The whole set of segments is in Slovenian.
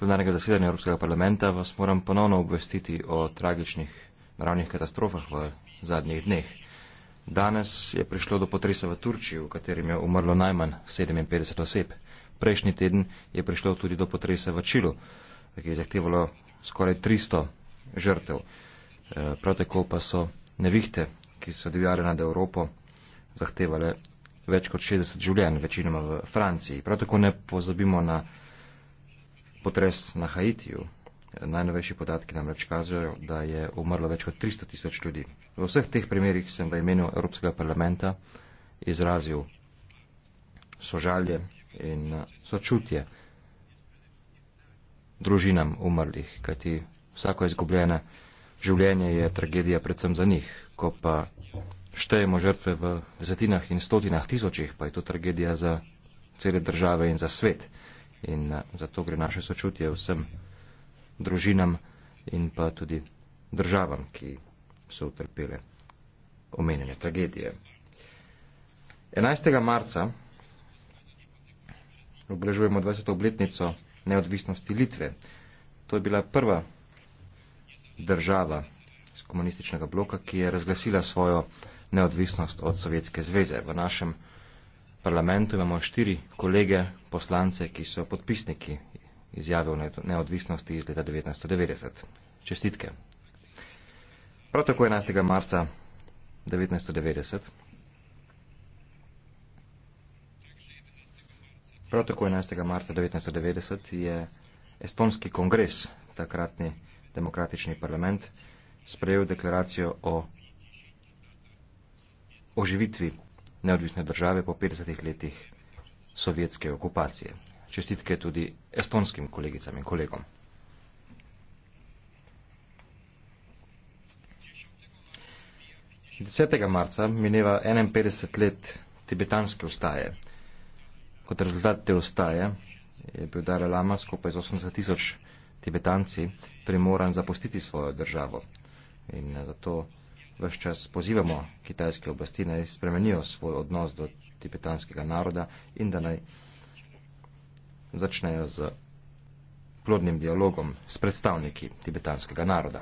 plenarnega zasedanja Evropskega parlamenta vas moram ponovno obvestiti o tragičnih naravnih katastrofah v zadnjih dneh. Danes je prišlo do potresa v Turčiji, v katerem je umrlo najmanj 57 oseb. Prejšnji teden je prišlo tudi do potresa v Čilu, ki je zahtevalo skoraj 300 žrtev. Eh, prav tako pa so nevihte, ki so divjale nad Evropo, zahtevale več kot 60 življenj, večinoma v Franciji. Prav tako ne pozabimo na potres na Haitiju. Najnovejši podatki nam reč kazajo, da je umrlo več kot 300 tisoč ljudi. V vseh teh primerih sem v imenu Evropskega parlamenta izrazil sožalje in sočutje družinam umrlih, kajti vsako izgubljene življenje je tragedija predvsem za njih. Ko pa štejemo žrtve v desetinah in stotinah tisočih, pa je to tragedija za cele države in za svet in eh, zato gre naše sočutje vsem družinam in pa tudi državam, ki so utrpele omenjene tragedije. 11. marca obležujemo 20. obletnico neodvisnosti Litve. To je bila prva država z komunističnega bloka, ki je razglasila svojo neodvisnost od Sovjetske zveze. V našem parlamentu imamo štiri kolege poslance, ki so podpisniki izjave o neodvisnosti iz leta 1990. Čestitke. Prav tako 11. marca 1990. Prav tako 11. marca 1990 je Estonski kongres, takratni demokratični parlament, sprejel deklaracijo o oživitvi neodvisne države po 50 letih sovjetske okupacije. Čestitke tudi estonskim kolegicam in kolegom. Desetega marca mineva 51 let tibetanske ustaje. Kot rezultat te ustaje je bil Dalaj Lama skupaj z 80 tisoč tibetanci primoran zapustiti svojo državo in eh, zato vse čas pozivamo kitajske oblasti, naj spremenijo svoj odnos do tibetanskega naroda in da naj začnejo z plodnim dialogom s predstavniki tibetanskega naroda.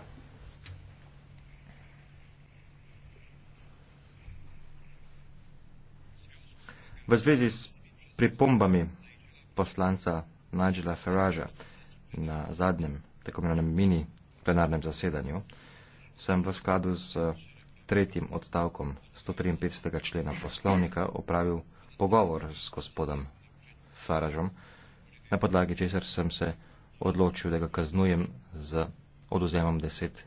V zvezi s pripombami poslanca Nigela Faragea na zadnjem tako imenovanem mini plenarnem zasedanju, sem v skladu z eh, tretjim odstavkom 153. člena poslovnika opravil pogovor z gospodom Faražom, na podlagi česar sem se odločil, da ga kaznujem z oduzemom deset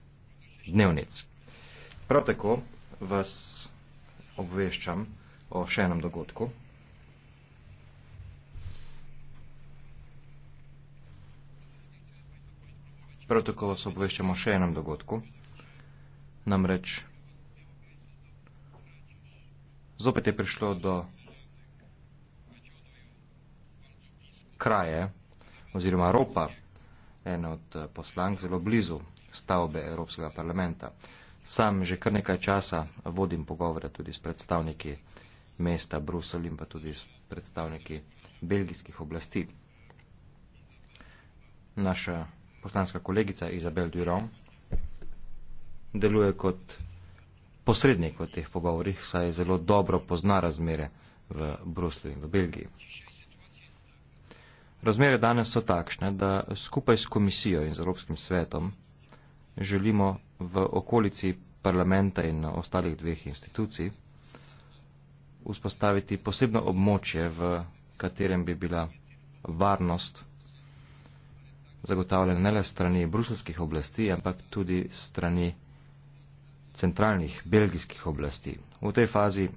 dnevnic. Prav tako vas obveščam o še enem dogodku. Prav tako vas obveščam o še enem dogodku. Namreč zopet je prišlo do kraje oziroma ropa, en od eh, poslank zelo blizu stavbe Evropskega parlamenta. Sam že kar nekaj časa vodim pogovore tudi s predstavniki mesta Brusel in pa tudi s predstavniki belgijskih oblasti. Naša poslanska kolegica Izabel Durand deluje kot posrednik v teh pogovorih, saj zelo dobro pozna razmere v Bruslju in v Belgiji. Razmere danes so takšne, da skupaj s komisijo in z Evropskim svetom želimo v okolici parlamenta in ostalih dveh institucij vzpostaviti posebno območje, v katerem bi bila varnost zagotavljena ne le strani bruselskih oblasti, ampak tudi strani centralnih belgijskih oblasti. V tej fazi eh,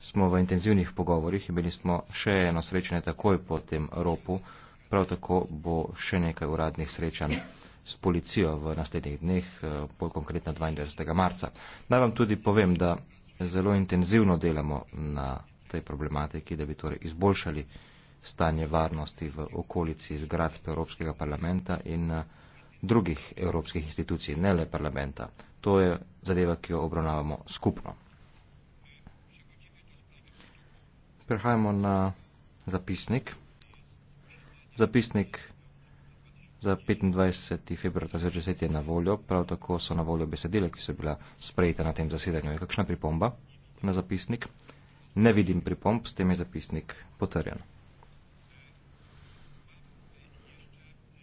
smo v intenzivnih pogovorih, imeli smo še eno srečanje takoj po tem ropu, prav tako bo še nekaj uradnih srečanj s policijo v naslednjih dneh, eh, bolj konkretno 22. marca. Naj vam tudi povem, da zelo intenzivno delamo na tej problematiki, da bi torej izboljšali stanje varnosti v okolici zgradb Evropskega parlamenta in uh, drugih evropskih institucij, ne le parlamenta. To je zadeva, ki jo obravnavamo skupno. Prehajamo na zapisnik. Zapisnik za 25. februar 2010 je na voljo, prav tako so na voljo besedile, ki so bila sprejeta na tem zasedanju. Je kakšna pripomba na zapisnik? Ne vidim pripomb, s tem je zapisnik potrjen.